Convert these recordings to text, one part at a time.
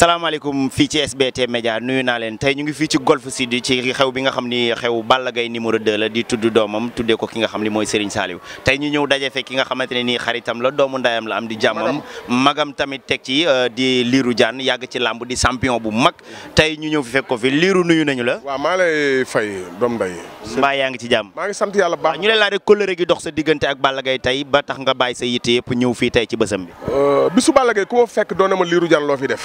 salaamaaleykum fii ci SBT Média nuyu naa leen tey ñu ngi fii ci Golf Sud ci xew bi nga xam ni xew Balla Gaye numéro 2 la di tudd doomam tuddee ko ki nga xam ni mooy Serigne Saliou tey ñu ñëw daje fekk ki nga xamante ne nii xaritam la doomu ndayam la am di jàmmam magam tamit teg ci euh, di liiru Diane yàgg ci làmb di champion bu mag tey ñu ñëw fi fekk ko fi Lirou nuyu nañu la. waaw maa lay fay doom nday. mbaa yaa ngi ci jàmm. maa sant yàlla baax ñu leen laa rek kóllëre gi dox sa diggante ak tey ba tax nga bàyyi sa yitte yëpp ñëw fii tey ci bësam bi. Euh, fekk doon ma Lirou Diane loo fi def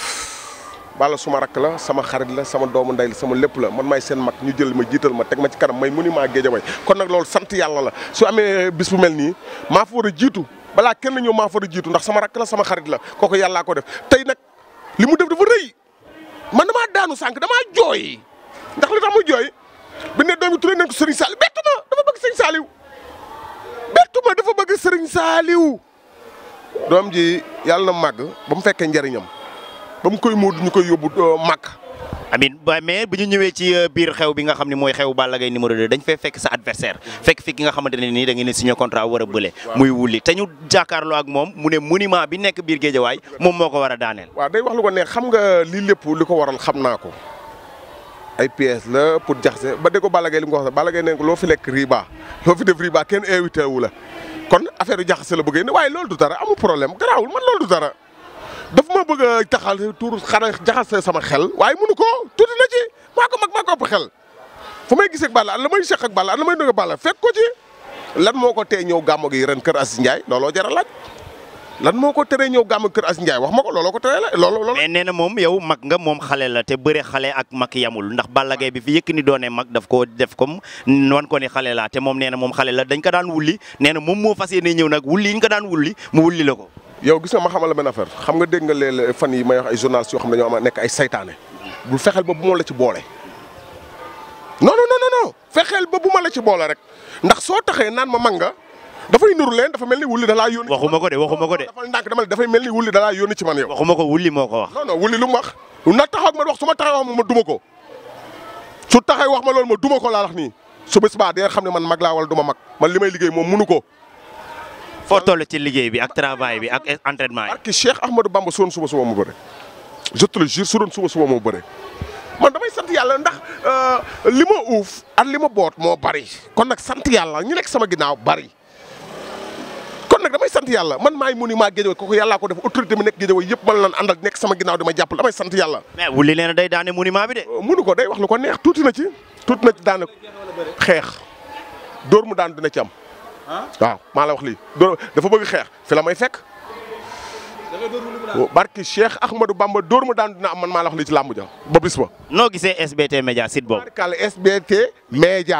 Balla suma rakk la sama xarit la sama doomu ndey la sama lépp la man maay seen mag ñu jël ma jiital ma teg ma ci kanam may monument Guédiawaye kon nag loolu sant yàlla la su amee bis bu mel nii maa fa war a jiitu balaa kenn ñëw maa fa war a jiitu ndax sama rakk la sama xarit la kooku yàllaa ko def tey nag li mu def dafa rëy man damaa daanu sànq dama jooy ndax li tax ma jooy bi ne doomi Touré nañ ko Serigne Saliou bettu ma dafa bëgg Serigne Saliou bettu doom ji yàlla màgg ba mu fekkee njëriñam ba mu koy móodu ñu koy yóbbu euh, màkk amin ba mais bu ñu ñëwee ci euh, biir xew bi nga xam ne mooy xew Balla Gaye numéro 2 dañ fekk sa adversaire mm-hmm. fekk fi ki nga xamante ne nii da ngeen signé contrat war a bële muy wulli te ñu jàkkaarloo ak moom mu ne monument bi nekk biir waay moom moo ko war a daaneel waaw day wax lu ko ne xam nga lii lépp li ko waral xam naa ko ay la pour jaxase ba dégg ko Balla Gaye li mu wax Balla Gaye nee ko loo fi lekk riba loo fi def riba kenn invité la kon affaire loolu du dara amul problème garaawul man loolu dafa ma bëgg a taxal tuur xana jaxase sama xel waaye mënu ko tuuti na ci maa ko mag maa xel fu may gisee ak Balla la may seq ak Balla an la may dugg Balla fekk ko ci lan moo ko tee ñëw gàmmu gi ren kër Aziz Ndiaye looloo jar a laaj lan moo ko teree ñëw gàmm kër Aziz Ndiaye wax ma ko looloo ko teree la looloo looloo. nee na moom yow mag nga moom xale la te bëre xale ak mag yamul ndax Balla Gaye bi fi yëkk ni doone mag daf ko def comme wan ko ni xale la te moom nee na moom xale la dañ ko daan wulli nee na moom moo fas yéene ñëw nag wulli yi ñu daan wulli mu wulli la ko yow gis nga ma xamala la benn affaire xam nga dégg nga léeg fan yi may wax ay journalistes yoo xam ne ñoo nekk ay saytaane bul fexeel ba bu ma la ci boole. non non fexeel ba bu ma la ci boole rek ndax soo taxee naan ma mag nga dafay nuru leen dafa mel ni wulli da laa yónni. waxuma ko de waxuma ko de dafa dama dafay mel ni wulli da laa yónni ci man yow. waxuma ko wulli moo ko wax. non wulli lu mu wax na taxaw ak ma wax su ma taxaw ma duma ko su taxee wax ma loolu ma duma ko laa wax nii su bés baa di xam ne man mag laa wala du ma mag man li may liggéey moom munu ko foo toll ci liggéey bi ak travail bi ak entraînement yi. parce que Cheikh Ahmadou Bamba su doon suba suba mu bëre je te le jure su doon suba suba mu bëre man damay sant yàlla ndax euh, li ma uuf ak li ma boot moo bari kon nag sant yàlla ñu nekk sama ginnaaw bari. kon nag damay sant yàlla man maay mu ni maa géej yàllaa ko def autorité mi nekk géej yëpp man lan àndal nekk sama ginnaaw ma jàppale damay sant yàlla. mais wuli leen day daane monument bi de. Euh, munu ko day wax lu ko neex tuuti na ci tuuti na ci daane xeex dóor mu daan dina ci am. waaw maa la wax lii bëgg xeex fi la may fekk. barki Cheikh Ahmadou Bamba door ma daan dina am man maa la wax lii ci làmb ja ba bis noo gisee SBT Média site boobu. barkal SBT Média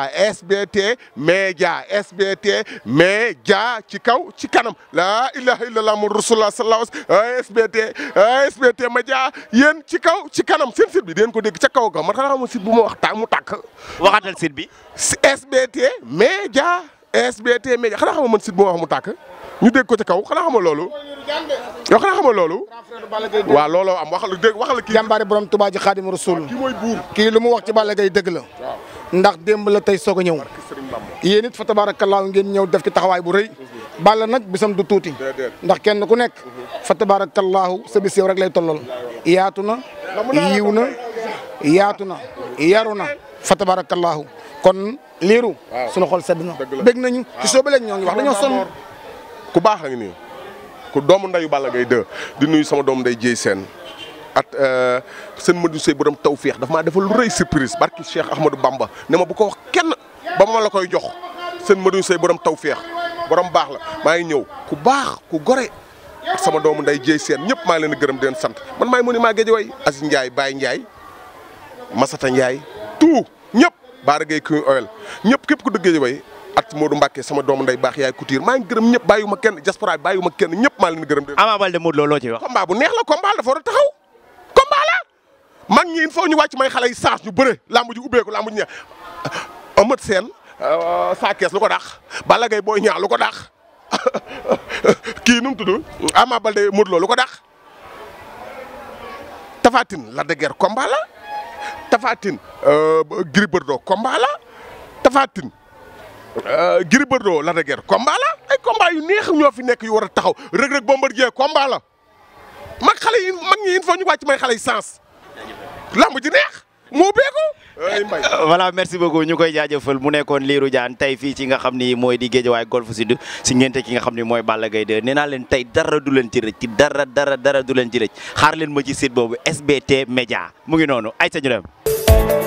SBT Média ci kaw ci kanam. laa ilaha illallah mu rasulullah sallallahu SBT SBT Média ci kaw ci kanam seen site bi deen ko dégg ca kaw ga man xanaa xamul site bu ma wax taa mu tàkk. waxatal site bi. SBT Média. SBT Média xanaa xamoo man site bu ma wax mu tàkk ñu dégg ko ci kaw xanaa ma loolu. yow xanaa xamoo loolu. waaw looloo am waxal dégg waxal kii. jàmbaari borom Tuubaa ji Xaadimu Rasuul. kii mooy buur kii lu mu wax ci Balla Gaye la. ndax démb la tey soog a ñëw. yéen it fa tabaarakallaahu ngeen ñëw def ci taxawaay bu rëy. bala nag bisam du tuuti. ndax kenn ku nekk. Mhm. fa tabaarakallaahu sa bis yow rek lay tollal. yaatu na yiw na yaatu na yaru na fa tabaarakallaahu kon liiru. waaw sunu xol sedd na. dëgg la dégg nañu ci soo ba léegi ñoo ngi wax dañoo sonn. ku baax la nii ku doomu ndeyu Balla Gaye 2 di nuyu sama doomu nday jéey seen at seen Modou Seye borom tawféex dafa maa defal lu rëy surprise barki Cheikh Ahmadou Bamba ne ma bu ko wax kenn ba ma la koy jox seen Modou Seye borom tawféex borom baax la maa ngi ñëw ku baax ku gore. sama doomu nday jéey seen ñëpp maa leen gërëm di sant man maay mu ne maa géej way Aziz Ndiaye Baye Ndiaye Masata Ndiaye tout ñëpp. Baara Gueye King Oil ñëpp képp ku dëggee way at Modou Mbacke sama doomu nday baax yaay couture maa ngi gërëm ñëpp bàyyiwuma kenn diaspora bi bàyyiwuma kenn ñëpp maa leen gërëm. Ama Baldé Modou Lo loo ciy wax. combat bu neex la combat a taxaw ñi il ñu wàcc may xale yi saas ñu bëre lamb ji ubbeeku lamb ji ñeex Amath Sène euh, saa kees ko dàq Balla Gaye Boy Niang lu ko dàq kii nu mu tudd Ama Baldé Modou Lo lu ko dàq Tapha Tine Lac de Tapha Tine euh, Gris Bordeaux combat la Tapha Tine euh, Gris Bordeaux Lac de Guiers combat la ay combat yu neex ñoo fi nekk yu war a taxaw Reug Reug Bombardier combat la mag xale yi mag ñi ñu wàcc may xale yi sens lamb ji neex moo beeku euh, voilà merci beaucoup ñu koy jaajëfal mu nekkoon Lirou jaan tey fii ci nga xam ni mooy di waaye Golf Sud si ngente ki nga xam ni mooy Balla gay 2 nee naa leen tey dara du leen ci rëcc ci dara dara dara du leen ci rëcc xaar leen ma ci site boobu SBT Média mu ngi noonu ay sa Thank you